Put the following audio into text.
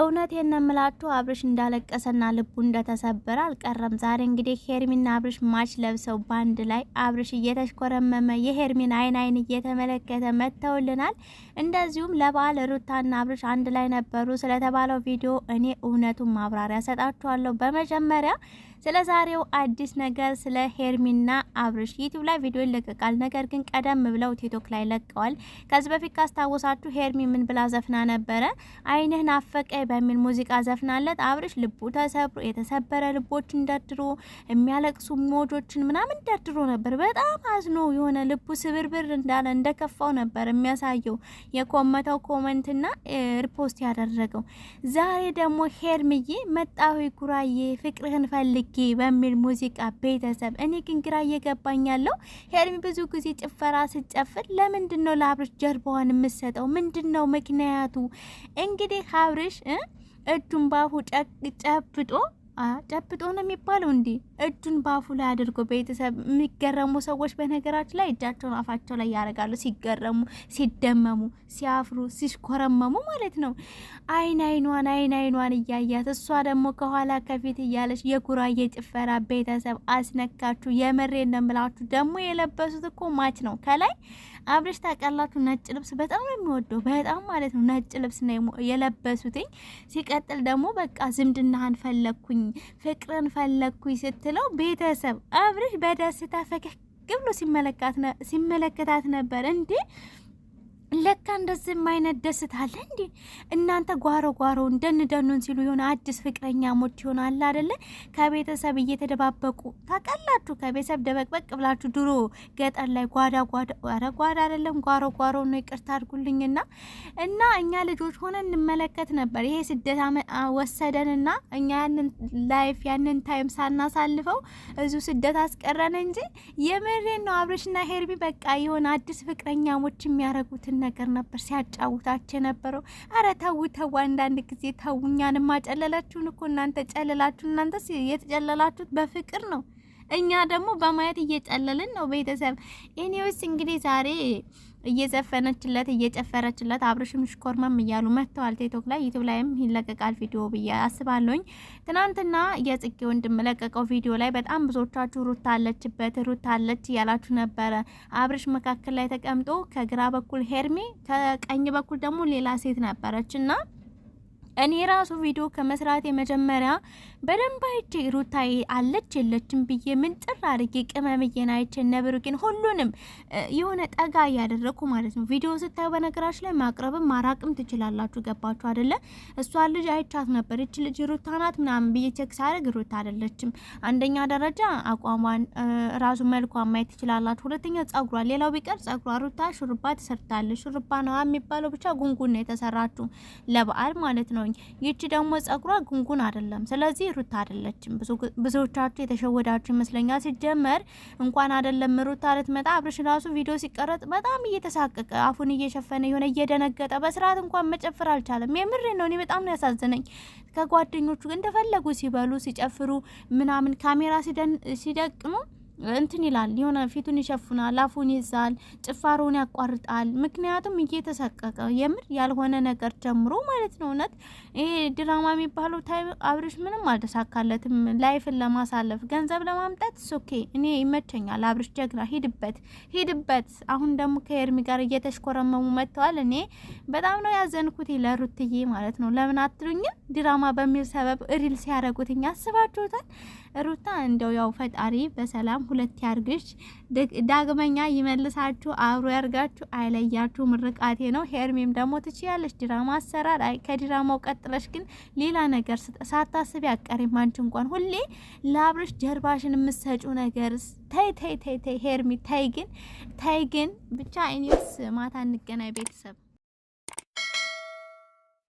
እውነቴን ነው የምላችሁ አብርሽ እንዳለቀሰና ልቡ እንደተሰበረ አልቀረም። ዛሬ እንግዲህ ሄርሚና አብርሽ ማች ለብሰው ባንድ ላይ አብርሽ እየተሽኮረመመ የሄርሚን አይን አይን እየተመለከተ መጥተውልናል። እንደዚሁም ለበዓል ሩታና አብርሽ አንድ ላይ ነበሩ ስለተባለው ቪዲዮ እኔ እውነቱን ማብራሪያ ሰጣችኋለሁ። በመጀመሪያ ስለ ዛሬው አዲስ ነገር ስለ ሄርሚና አብርሽ ዩቲዩብ ላይ ቪዲዮ ይለቀቃል። ነገር ግን ቀደም ብለው ቲክቶክ ላይ ለቀዋል። ከዚህ በፊት ካስታወሳችሁ ሄርሚ ምን ብላ ዘፍና ነበረ? አይንህን አፈቀ በሚል ሙዚቃ ዘፍናለት። አብርሽ ልቡ ተሰብሮ የተሰበረ ልቦች ደርድሮ የሚያለቅሱ ሞጆችን ምናምን ደርድሮ ነበር። በጣም አዝኖ የሆነ ልቡ ስብርብር እንዳለ እንደከፋው ነበር የሚያሳየው የኮመተው ኮመንትና ሪፖስት ያደረገው። ዛሬ ደግሞ ሄርምዬ መጣሁ ጉራዬ ፍቅርህን ፈልጌ በሚል ሙዚቃ ቤተሰብ እኔ ግን ግራ እየገባኝ ያለው ሄርሚ ብዙ ጊዜ ጭፈራ ስጨፍር ለምንድን ነው ለአብርሽ ጀርባዋን የምሰጠው? ምንድን ነው ምክንያቱ? እንግዲህ አብርሽ እ እጁን ባፉ ጨብጦ ጨብጦ ነው የሚባለው። እንዲህ እጁን በአፉ ላይ አድርጎ ቤተሰብ የሚገረሙ ሰዎች በነገራችን ላይ እጃቸውን አፋቸው ላይ ያደርጋሉ። ሲገረሙ፣ ሲደመሙ፣ ሲያፍሩ፣ ሲሽኮረመሙ ማለት ነው። አይን አይኗን አይን አይኗን እያያት እሷ ደግሞ ከኋላ ከፊት እያለች የጉራዬ ጭፈራ ቤተሰብ አስነካችሁ። የምሬ ነው ደግሞ የለበሱት እኮ ማች ነው። ከላይ አብረሽ ታውቃላችሁ፣ ነጭ ልብስ በጣም ነው የሚወደው። በጣም ማለት ነው ነጭ ልብስ ነው የለበሱትኝ። ሲቀጥል ደግሞ በቃ ዝምድናህን ፈለግኩኝ ፍቅርን ፈለግኩኝ ስትለው ቤተሰብ አብርሽ በደስታ ፈገግ ብሎ ሲመለከታት ነበር እንዴ እንደዚህም አይነት ደስታለ እንዴ እናንተ ጓሮ ጓሮ እንደንደኑን ሲሉ የሆነ አዲስ ፍቅረኛ ሞት ይሆን አለ አደለ? ከቤተሰብ እየተደባበቁ ታውቃላችሁ። ከቤተሰብ ደበቅበቅ ብላችሁ ድሮ ገጠር ላይ ጓዳ ጓዳ ኧረ ጓዳ አደለም ጓሮ ጓሮ ነው፣ ይቅርታ አድርጉልኝና እና እኛ ልጆች ሆነ እንመለከት ነበር። ይሄ ስደት ወሰደንና እኛ ያንን ላይፍ ያንን ታይም ሳናሳልፈው እዚሁ ስደት አስቀረን እንጂ የምሬን ነው። አብርሽና ሄርሚ በቃ የሆነ አዲስ ፍቅረኛ ሞች የሚያደርጉትን ነገር ነበር ነበር ሲያጫውታቸው የነበረው። አረ ተው ተው፣ አንዳንድ ጊዜ ተው። እኛንም አጨለላችሁን እኮ እናንተ ጨለላችሁ። እናንተስ የተጨለላችሁት በፍቅር ነው። እኛ ደግሞ በማየት እየጨለልን ነው። ቤተሰብ እኔውስ እንግዲህ ዛሬ እየዘፈነችለት እየጨፈረችለት አብርሽም ሽኮርመም እያሉ መጥተዋል። ቲክቶክ ላይ ዩቲዩብ ላይም ይለቀቃል ቪዲዮ ብዬ አስባለሁኝ። ትናንትና የጽጌ ወንድም ለቀቀው ቪዲዮ ላይ በጣም ብዙዎቻችሁ ሩት አለችበት ሩት አለች እያላችሁ ነበረ። አብርሽ መካከል ላይ ተቀምጦ ከግራ በኩል ሄርሜ ከቀኝ በኩል ደግሞ ሌላ ሴት ነበረች እና እኔ ራሱ ቪዲዮ ከመስራት የመጀመሪያ በደንብ አይቼ ሩታዬ አለች የለችም ብዬ ምን ጥር አድርጌ ቅመምዬን አይቼ ግን ሁሉንም የሆነ ጠጋ እያደረግኩ ማለት ነው። ቪዲዮ ስታዩ በነገራች ላይ ማቅረብም ማራቅም ትችላላችሁ። ገባችሁ አደለ? እሷ ልጅ አይቻት ነበር። እች ልጅ ሩታ ናት ምናምን ብዬ ቼክ ሳደርግ ሩታ አደለችም። አንደኛ ደረጃ አቋሟን ራሱ መልኳ ማየት ትችላላችሁ። ሁለተኛ ጸጉሯ፣ ሌላው ቢቀር ጸጉሯ ሩታ ሹርባ ትሰርታለች። ሹርባ ነዋ የሚባለው ብቻ ጉንጉን ነው የተሰራችሁ ለበዓል ማለት ነው። ነኝ። ይቺ ደግሞ ጸጉሯ ጉንጉን አይደለም። ስለዚህ ሩታ አይደለችም። ብዙዎቻችሁ የተሸወዳችሁ ይመስለኛል። ሲጀመር እንኳን አይደለም ሩታ ልትመጣ አብርሽ ራሱ ቪዲዮ ሲቀረጥ በጣም እየተሳቀቀ አፉን እየሸፈነ የሆነ እየደነገጠ በስርዓት እንኳን መጨፈር አልቻለም። የምሬ ነው። እኔ በጣም ነው ያሳዝነኝ። ከጓደኞቹ እንደፈለጉ ሲበሉ ሲጨፍሩ ምናምን ካሜራ ሲደቅኑ እንትን ይላል የሆነ ፊቱን ይሸፍናል፣ አፉን ይዛል፣ ጭፋሮውን ያቋርጣል። ምክንያቱም እየተሰቀቀ የምር ያልሆነ ነገር ጀምሮ ማለት ነው። እውነት ይሄ ድራማ የሚባለው ታይ አብርሽ ምንም አልተሳካለትም። ላይፍን ለማሳለፍ ገንዘብ ለማምጣት ሶኬ እኔ ይመቸኛል። አብርሽ ጀግና፣ ሂድበት፣ ሂድበት። አሁን ደግሞ ከኤርሚ ጋር እየተሽኮረመሙ መጥተዋል። እኔ በጣም ነው ያዘንኩት ለሩትዬ ማለት ነው። ለምን አትሉኝም? ድራማ በሚል ሰበብ ሪል ሲያረጉትኝ አስባችሁታል። ሩታ እንደው ያው ፈጣሪ በሰላም ሁለት ያርግሽ፣ ዳግመኛ ይመልሳችሁ፣ አብሮ ያርጋችሁ፣ አይለያችሁ። ምርቃቴ ነው። ሄርሜም ደግሞ ትችያለሽ ድራማ አሰራር። ከድራማው ቀጥለሽ ግን ሌላ ነገር ሳታስብ አቀሪም። አንቺ እንኳን ሁሌ ለአብርሽ ጀርባሽን የምትሰጪው ነገር ተይ ተይ ተይ ተይ ሄርሚ ተይ ግን ተይ ግን ብቻ አይኔስ ማታ እንገናኝ ቤተሰብ